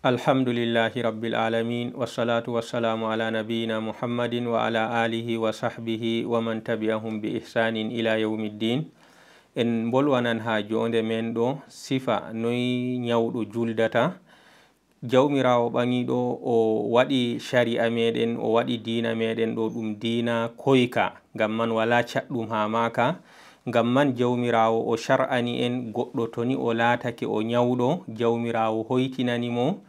alhamdulillahi rabbil alamin wassalatu wassalamu ala nabiyina muhammadin wa ala alihi wa sahbihi wa man tabi'ahum bi ihsanin ila yawmiddin en bolwanan ha jonde men ɗo sifa noyi nyawɗo juldata jawmirawo ɓaŋiɗo o waɗi shari'a meɗen o waɗi dina meɗen ɗo ɗum dina koyka ngam man wala caɗɗum ha maka ngam man jawmirawo o shar'ani en goɗɗo toni o latake o nyawɗo jawmirawo hoytinani mo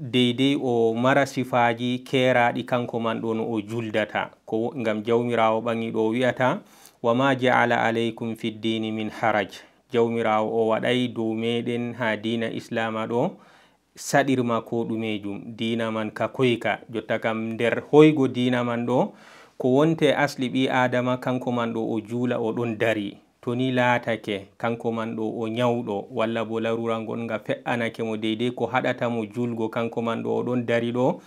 deydey o mara sifaaji keeraaɗi kanko man ɗo no o juldata ko ngam jawmiraawo ɓaŋi ɗo wi'ata wa ma jaala aleykum fi ddini min haraj jawmiraawo o waɗay dow meɗen haa diina islama ɗo saɗirma ko ɗumejum diina man ka koyka jotta kam nder hoygo diina man ɗo ko wonte asli ɓi adama kanko man ɗo o juula o ɗon dari to ni laatake kanko man ɗo o nyawɗo walla bo larural ngon nga fe'anake mo deydey ko haɗata mo julgo kanko man ɗo oɗon dari ɗo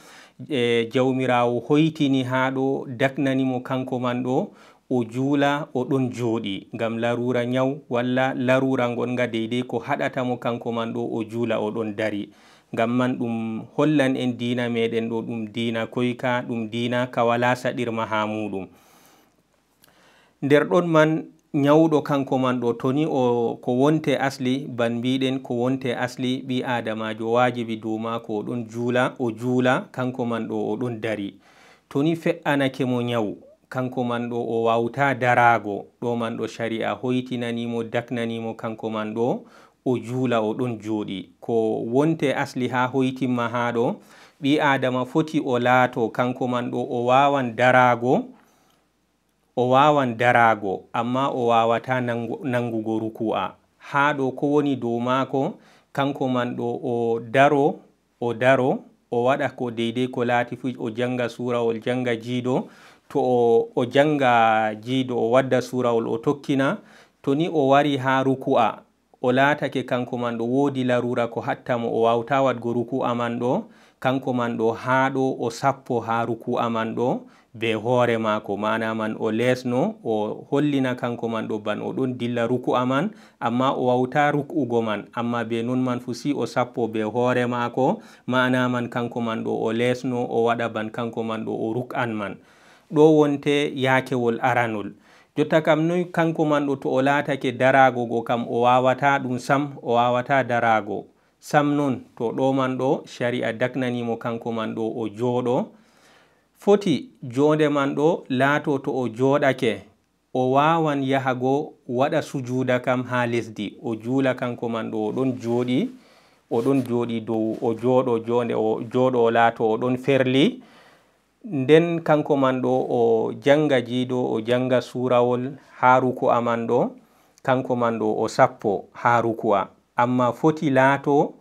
e jawmirawo hoytini haa ɗo daknanimo kanko man ɗo o juula o ɗon jooɗi ngam larura nyaw walla larura ngon nga deydey ko haɗata mo kanko man ɗo o juula oɗon dari ngam man ɗum hollan en diina meɗen ɗo ɗum diina koyka ɗum diina ka wala saɗirma haa muɗum nder ɗon man nyawɗo kanko man ɗo to ni o ko wonte asli ban mbiɗen ko wonte asli ɓi adamajo wajibi dumako oɗon juula o juula kanko man ɗo oɗon dari to ni fe'anake mo nyawu kanko man ɗo o wawta darago ɗo man ɗo shari'a hoytinanimo daknanimo kanko man ɗo o juula oɗon juuɗi ko wonte asli ha hoytinma haɗo ɓi adama foti o laato kanko man ɗo o wawan darago o wawan darago amma o wawata nangugo ruku'a ha ɗo ko woni dow mako kanko man ɗo o daro o daro o waɗa ko deidai ko lati fu o janga surawol janga jiɗo to o janga jiɗo o wadda surawol o tokkina to ni o wari ha ruku'a o laatake kanko man ɗo woodi larura ko hatta mo o wawta wadgo ruku'a man ɗo kanko man ɗo haa ɗo o sappo haa ruku'a man ɗo be hoore maako mana man o lesno o hollina kanko man ɗo ban o ɗon dilla ruku'a man amma o wawta ruk'ugo man amma be non man fu si o sappo be hoore maako mana man kanko man ɗo o lesno o waɗa ban kanko man ɗo o ruk'an man ɗo wonte yaakewol aranol jotta kam noy kanko man ɗo to o laatake darago go kam o wawata ɗum sam o wawata darago sam non to ɗo man ɗo shari'a daknanimo kanko man ɗo o joɗo foti jonde man ɗo laato to o joɗake o wawan yahago waɗa sujuda kam ha lesdi o juula kanko man ɗo oɗon jooɗi oɗon jooɗi dow o joɗo jonde o joɗo o laato oɗon ferli nden kanko man ɗo o janga jiɗo o janga surawol haruku'a man ɗo kanko man ɗo o sappo haruku'a amma foti laato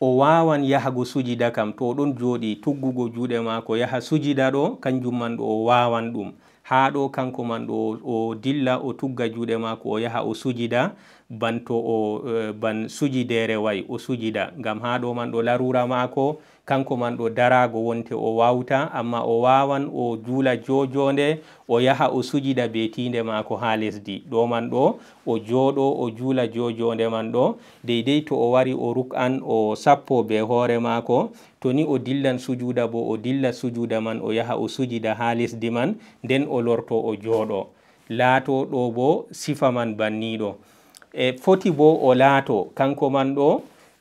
o wawan yahago sujida kam to ɗon joɗi tuggugo juɗe mako yaha sujida ɗo kanjum man ɗo o wawan ɗum ha ɗo kanko man ɗo o dilla o tugga juɗe mako o yaha o sujida banto o eh, ban sujidere wayi o sujida ngam ha ɗo man ɗo larura mako kanko man ɗo darago wonte o wawta amma o wawan o juula jojonde o yaha o sujida be tinde mako ha lesdi ɗo man ɗo o jooɗo o juula jojonde man ɗo deydey to o wari o ruk an o sappo be hoore mako to ni o dillan sujuda bo o dilla sujuda man o yaha o sujida ha lesdi man nden o lorto o jooɗo laato ɗo bo sifa man banniɗo e foti bo o laato kanko man ɗo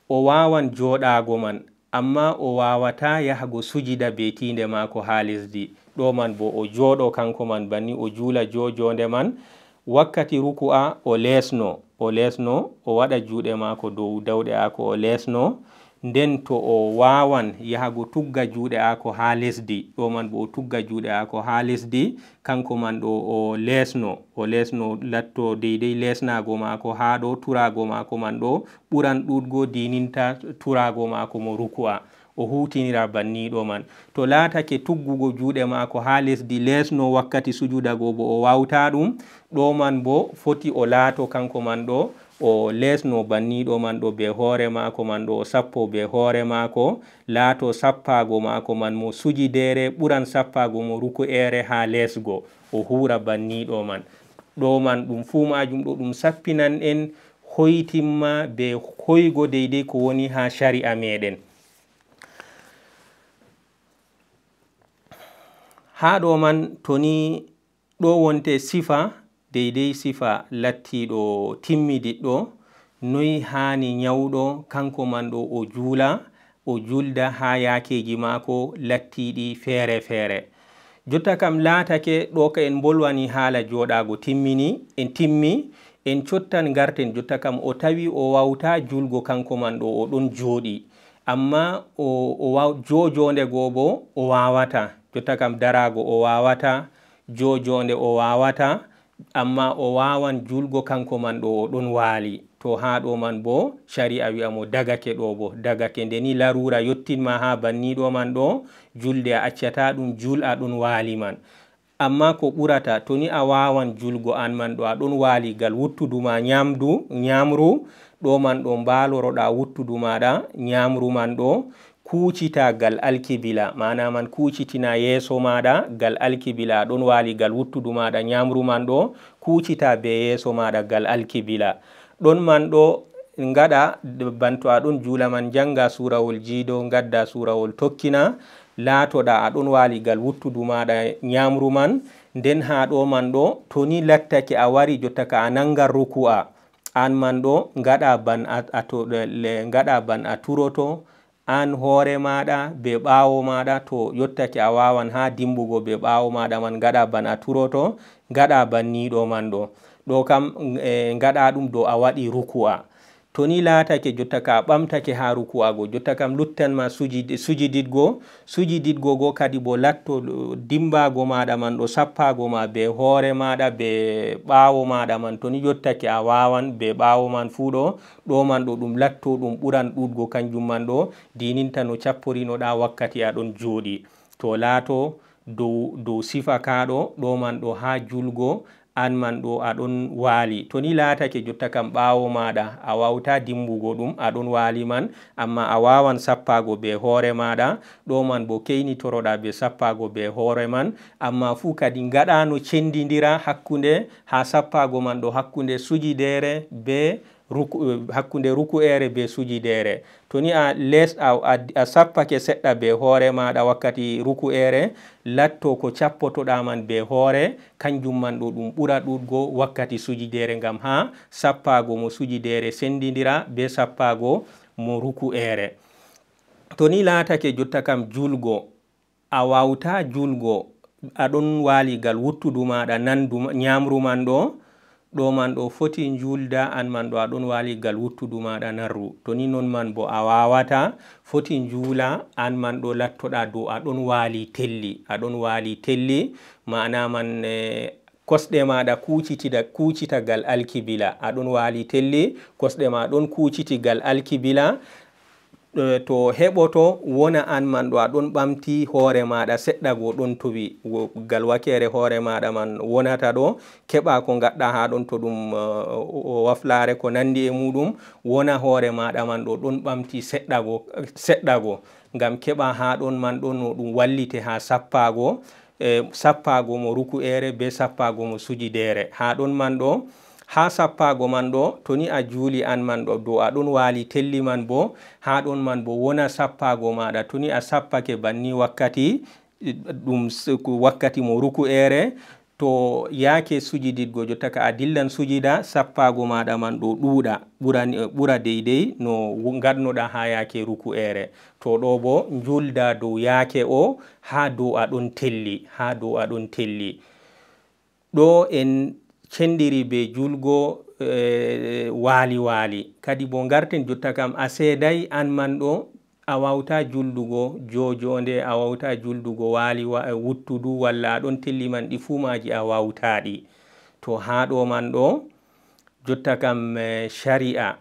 o wawan joɗago man amma o wawata yahgo sujida be tinde mako ha lesdi ɗo man bo o joɗo kanko man banni o juula jojonde man wakkati ruku'a o lesno o lesno o waɗa juuɗe mako dow dawɗe ako o lesno nden to o wawan yahago tugga juuɗe ako ha lesdi ɗo man bo o tugga juuɗe ako ha lesdi kanko man ɗo o lesno o lesno latto deidei lesnago mako ha ɗo turago mako man ɗo ɓuran ɗuɗgo dininta turago mako mo ruku'a o hutinira banniɗo man to laatake tuggugo juuɗe maako haa lesdi lesno wakkati sujudago bo o wawta ɗum ɗo man bo foti o laato kanko man ɗo o lesno banniɗo man ɗo be hoore maako man ɗo o sappo be hoore maako laato sappaago maako man mo sujidere ɓuran sappaago mo ruku ere haa lesgo o hura banniɗo man ɗo man ɗum fuu majum ɗo ɗum sappinan en hoytimma be hoygo deydey ko woni haa shari'a meɗen haa ɗo man to ni ɗo wonte sifa deydey sifa lattiiɗo timmiɗiɗɗo noy haani nyawɗo kanko man ɗo o juula o julda haa yaakeeji maako lattiiɗi feere feere jotta kam laatake ɗo ka en mbolwani haala jooɗaago timmini en timmi en cottan ngarten jotta kam o tawi o wawta julgo kanko man ɗo o ɗon jooɗi amma o wa jojonde goo bo o wawata jotta kam darago o wawata jojonde o wawata amma o wawan julgo kanko man ɗo o ɗon waali to ha ɗo man bo shari'a wi'amo dagake ɗo bo dagake nde ni larura yottinma ha banniɗo man ɗo julde a accata ɗum jul'a ɗon waali man amma ko ɓurata to ni a wawan julgo an man ɗo a ɗon waali ngal wuttuduma nyamdu nyamru ɗo man ɗo mbaloroɗa wuttudu maɗa nyamru man ɗo kucita gal alkibila mana man kucitina yeso maɗa gal alkibila ɗon wali gal wuttudu maɗa nyamru man ɗo kucita be yeso maɗa gal alkibila ɗon man ɗo gaɗa banto aɗon jula man janga surawol jiido gadda surawol tokkina latoɗa aɗon wali gal wuttudu maɗa nyamru man nden ha ɗo man ɗo toni lattake a wari jottaka a nangan ruku'a an man ɗo gaɗa ban atoɗe gaɗa ban a turoto an hoore maɗa be ɓawo maɗa to yottake a wawan ha dimbugo be ɓawo maɗa man gaɗa ban a turoto gaɗa banniɗo man ɗo ɗo kam e, gaɗa ɗum dow a waɗi ruku'a to ni laatake jotta ka a ɓamtake ha rukuwago jotta kam luttanma sujididgo sujididgo go kadi bo latto dimbago maɗa man ɗo sappago ma be hoore maɗa be ɓawo maɗa man to ni jottake a wawan be ɓawo man fuu ɗo ɗo man ɗo ɗum latto ɗum ɓuran ɗuɗgo kanjum man ɗo dininta no capporinoɗa wakkati aɗon jooɗi to laato dow dow sifa kaɗo ɗo man ɗo ha julgo aan man ɗo aɗon waali to ni laatake jotta kam ɓaawo maaɗa a wawta dimbugo ɗum aɗon waali man amma a wawan sappago be hoore maaɗa ɗo man bo keynitoroɗa be sappago be hoore man amma fuu kadi ngaɗano cendidira hakkunde haa sappago man ɗo hakkunde sujidere be hakkunde rukuere be sujidere to ni a les a, a, a sappake seɗɗa be hoore maɗa wakkati rukuere latto ko cappotoɗaman be hoore kanjum man ɗo ɗum ɓura ɗuɗgo wakkati sujidere ngam ha sappago mo sujidere sendidira be sappago mo rukuere to ni laatake jotta kam julgo a wawta julgo aɗon waligal wuttudu maɗa nandu nyamru man ɗo ɗo man ɗo foti julda an man ɗo aɗon waligal wuttudu maɗa narru to ni non man bo a wawata foti jula an man ɗo lattoɗa dow aɗon wali telli aɗon wali telli mana man e, kosɗe maɗa kucitida kucitagal alkibila aɗon wali telli kosɗe ma ɗon kucitigal alkibila Eh, to heɓoto wona an man ɗo aɗon ɓamti hoore maɗa seɗɗa go ɗon towi gal wakere hoore maɗa man wonata ɗo keɓa ko gaɗɗa ha ɗon to ɗum eh, waflare ko nandi e muɗum wona hoore maɗa man ɗo ɗon ɓamti seɗɗago seɗɗago gam keɓa ha ɗon man ɗo no ɗum wallite ha sappago eh, sappago mo ruku ere be sappago mo suji dere ha ɗon man ɗo ha sappago man ɗo to ni a juuli an man ɗo dow aɗon waali telli man bo ha ɗon man bo wona sappago maɗa to ni a sappake banni wakkati ɗum wakkati mo ruku ere to yaake sujididgo jottaka a dillan sujida sappago maɗa man ɗo ɗuuɗa ɓura deydey no gaɗnoɗa ha yaake ruku ere to ɗo bo julda dow yaake o ha dow aɗon telli ha dow aɗon telli ɗo en cenɗiri be julgo e, waali waali kadi bo garten jotta kam a seeday aan man ɗo a wawta juldugo jojonde a wawta juldugo waali e, wuttudu walla aɗon telli man ɗi fuumaji a wawtaɗi to ha ɗo man ɗo jotta kam e, sharia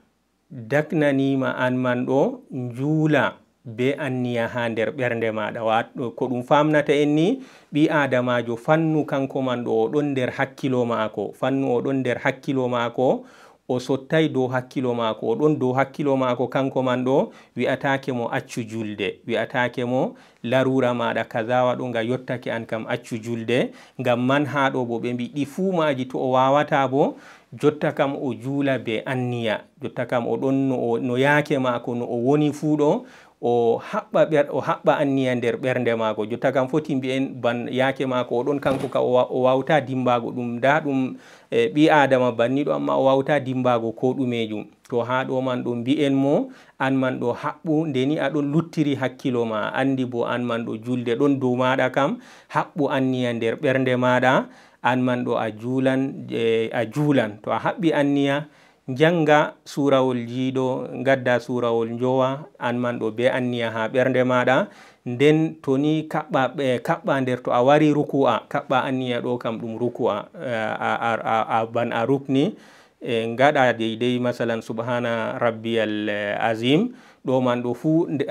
daknanima aan man ɗo njuula be anniya ha nder ɓernde maɗa ko ɗum famnata en ni ɓi adamajo fannu kanko man ɗo o ɗon nder hakkilo maako fannu o ɗon nder hakkilo maako o sottai dow hakkilo maako o ɗon dow hakkilo maako kanko man ɗo wi'atake mo accu julde wi'atake mo larura maɗa kazawa ɗo nga yottake an kam accu julde ngam man ha ɗo bo ɓe mbi ɗi fuu maji to o wawata bo jotta kam o juula be anniya jotta kam o ɗon no yaake maako no o woni fuu ɗo o haɓɓa o haɓɓa anniya nder ɓernde maako jotta kam foti mbi'en ban yaake maako oɗon kanko ka o wawta dimbago ɗum nda ɗum e, ɓi adama banniɗo amma o wawta dimbago ko ɗumejum to ha ɗo man ɗo mbi'en mo an man ɗo haɓɓu ndeni aɗon luttiri hakkilo ma andi bo an man ɗo julde ɗon dow maɗa kam haɓɓu anniya nder ɓernde maɗa an man ɗo a julan e, a julan to a haɓɓi anniya janga surawol jido gadda surawol jowa an man ɗo be anniya ha ɓernde maɗa nden toni ni kaɓɓa kaɓɓa nder to a wari ruku'a kaɓɓa anniya kam dum ruku'a eh, a ban a rukni e gaɗa deydey masalan subhana rabbiyal eh, azim ɗo man ɗo fuu do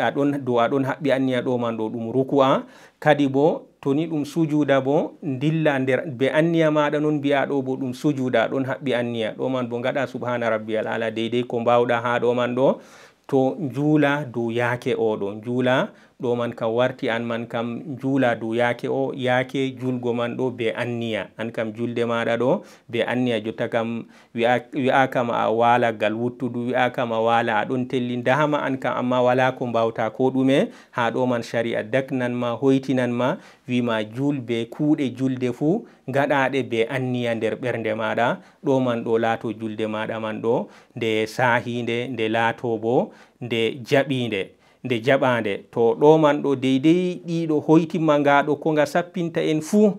dow hak haɓɓi anniya ɗo man ɗo dum ruku'a kadi bo toni dum sujuda bo dilla der be anniya maada non biya do bo dum sujuda don habbi anniya do man bo gaɗa subhana rabbiyal ala deede ko bawda ha do man do to do yake o do njula ɗo man kam warti an man kam juula dow yaake o yaake julgo man ɗo be anniya an kam julde maɗa ɗo be anniya jotta kam wi'akam a waala ngal wuttudu wi'akam a waala a ɗon telli dahama an kam amma wala ko mbawta ko ɗume ha ɗo man sharia daknan ma hoytinan ma wima juul be kuuɗe julde fuu gaɗaɗe be anniya nder ɓernde maɗa ɗo man ɗo laato julde maɗa man ɗo nde sahinde nde laato bo nde jaɓinde nde jaɓande to ɗoman ɗo deydey ɗiɗo hoytima ngaɗo ko nga sappinta en fuu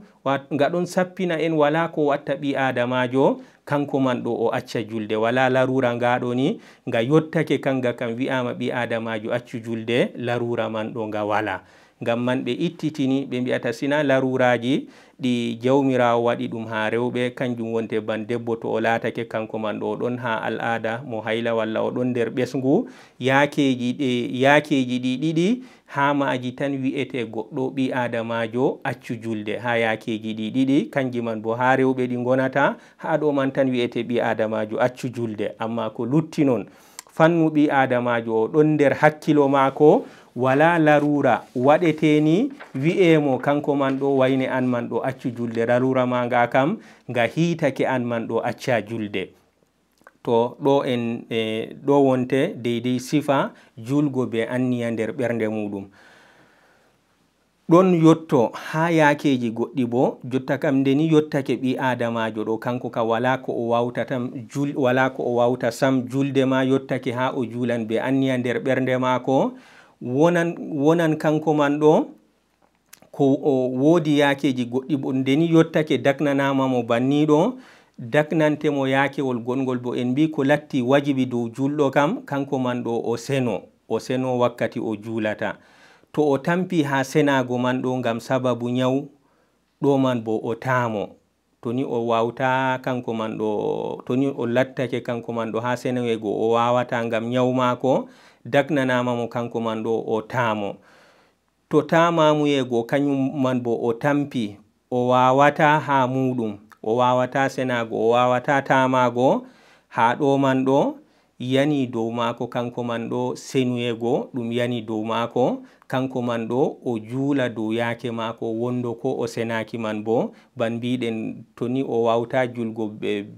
nga ɗon sappina en wala ko watta ɓi adamajo kanko man ɗo o acca julde wala larura ngaɗo ni nga yottake kanga kam wi'ama ɓi adamajo accu julde larura man ɗo nga wala ngam man ɓe ittitini ɓe mbiyata sina laruraji ɗi jawmirawo waɗi ɗum ha rewɓe kanjum wonte ban debbo to o latake kanko man ɗo ɗon ha al'ada mo hayla walla oɗon nder ɓesgu yakeji ɗe yakeji ɗi ɗiɗi ha maji tan wi'ete goɗɗo ɓi adamajo accu julde ha yakeji ɗi ɗiɗi kanji man bo ha rewɓe ɗi gonata ha ɗo man tan wi'ete ɓi adamajo accu julde amma ko lutti noon fannu ɓi adamajo o ɗon nder hakkilo mako wala larura waɗeteni wi'emo kanko man ɗo wayne an man ɗo accu julde larura ma nga kam nga hiitake an man ɗo acca julde to ɗo en e, ɗo wonte deydey sifa julgo be anniya nder ɓernde muɗum ɗon yotto ha yakeji goɗɗi bo jotta kam nde ni yottake ɓi adamajo ɗo kanko ka wala ko o wawtatam wala ko o wawta sam julde ma yottake ha o julan be anniya nder ɓernde mako wonan wonan kanko man ɗo ko woodi yaakeji goɗɗi bo ndeni yottake daknanama mo banniɗo daknantemo yaakewol gonngol bo en mbi ko latti wajibi dow julɗo kam kanko man ɗo o seno o seno wakkati o juulata to o tampi haa senaago man ɗo ngam sababu ñaw ɗo man bo o taamo to ni o waawta kanko man ɗo to ni o lattake kanko man ɗo haa senowego o waawata ngam ñaw maako dagnanamamo kanko man ɗo o taamo to taamamuyego kañum man bo o tampi o wawata ha muɗum o wawata senago o wawata taamago ha ɗo man ɗo yani dow maako kanko man ɗo senuyego ɗum yani dow maako kanko man ɗo o juula dow yaake maako wondo ko o senaaki man bo ban mbiɗen to ni o wawta julgo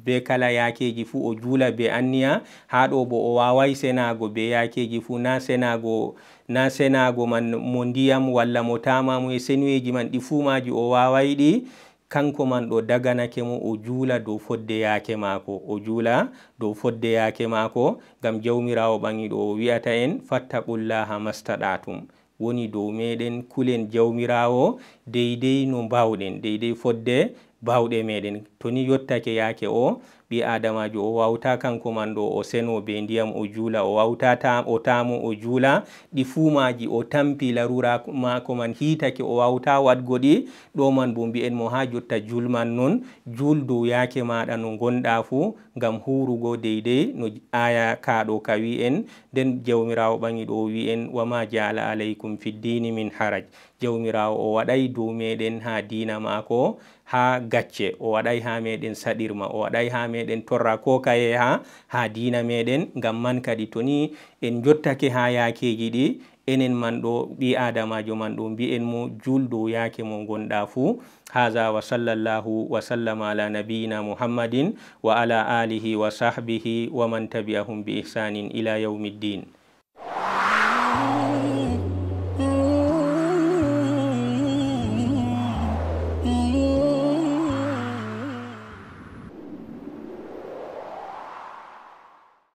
be kala yaakeji fuu o juula be anniya haa ɗo bo o waaway senaago be yaakeji fuu na senaago na senaago man mo ndiyam walla mo tamamu e senuyeji man ɗi fuu maaji o waaway ɗi kanko man ɗo daganake mo o juula dow fodde yaake maako o juula dow fodde yaake maako ngam jawmirawo ɓaŋiɗo o wi'ata en fatta qullaha mastaɗa tum woni dow meɗen kulen jawmirawo deydey no bawɗen deydey fodde bawɗe meɗen toni yottake yaake o ɓi adamajo o wawta kanko man ɗo o seno be ndiyam o juula o wawta o tamo o juula ɗi fuumaji o tampi larura mako man hiitake o wawta wadgo ɗi ɗo man bo mbi'en mo ha jotta julman non juul dow yaake maɗa no gonɗa fu ngam hurugo deydey no aya kaɗo ka wi en nden jawmirawo ɓangi ɗo wi en wama jala alaykum fiddini min haraj jawmirawo o waɗay dow meɗen ha dina mako ha gacce o waɗay ha meɗen saɗirma o waɗay ha meɗen meɗen torra ko kaye ha ha dina meɗen ngam man kadi to ni en jottake ha yakeji ɗi enen man ɗo ɓi adamajo man ɗo mbi'en mo juldow yaake mo gonɗa fuu haha wa sallllahu wa sallama ala nabiyina muhammadin wa ala alihi wa sahbihi wa man tabi'ahum bi ihsanin ila yawmiddin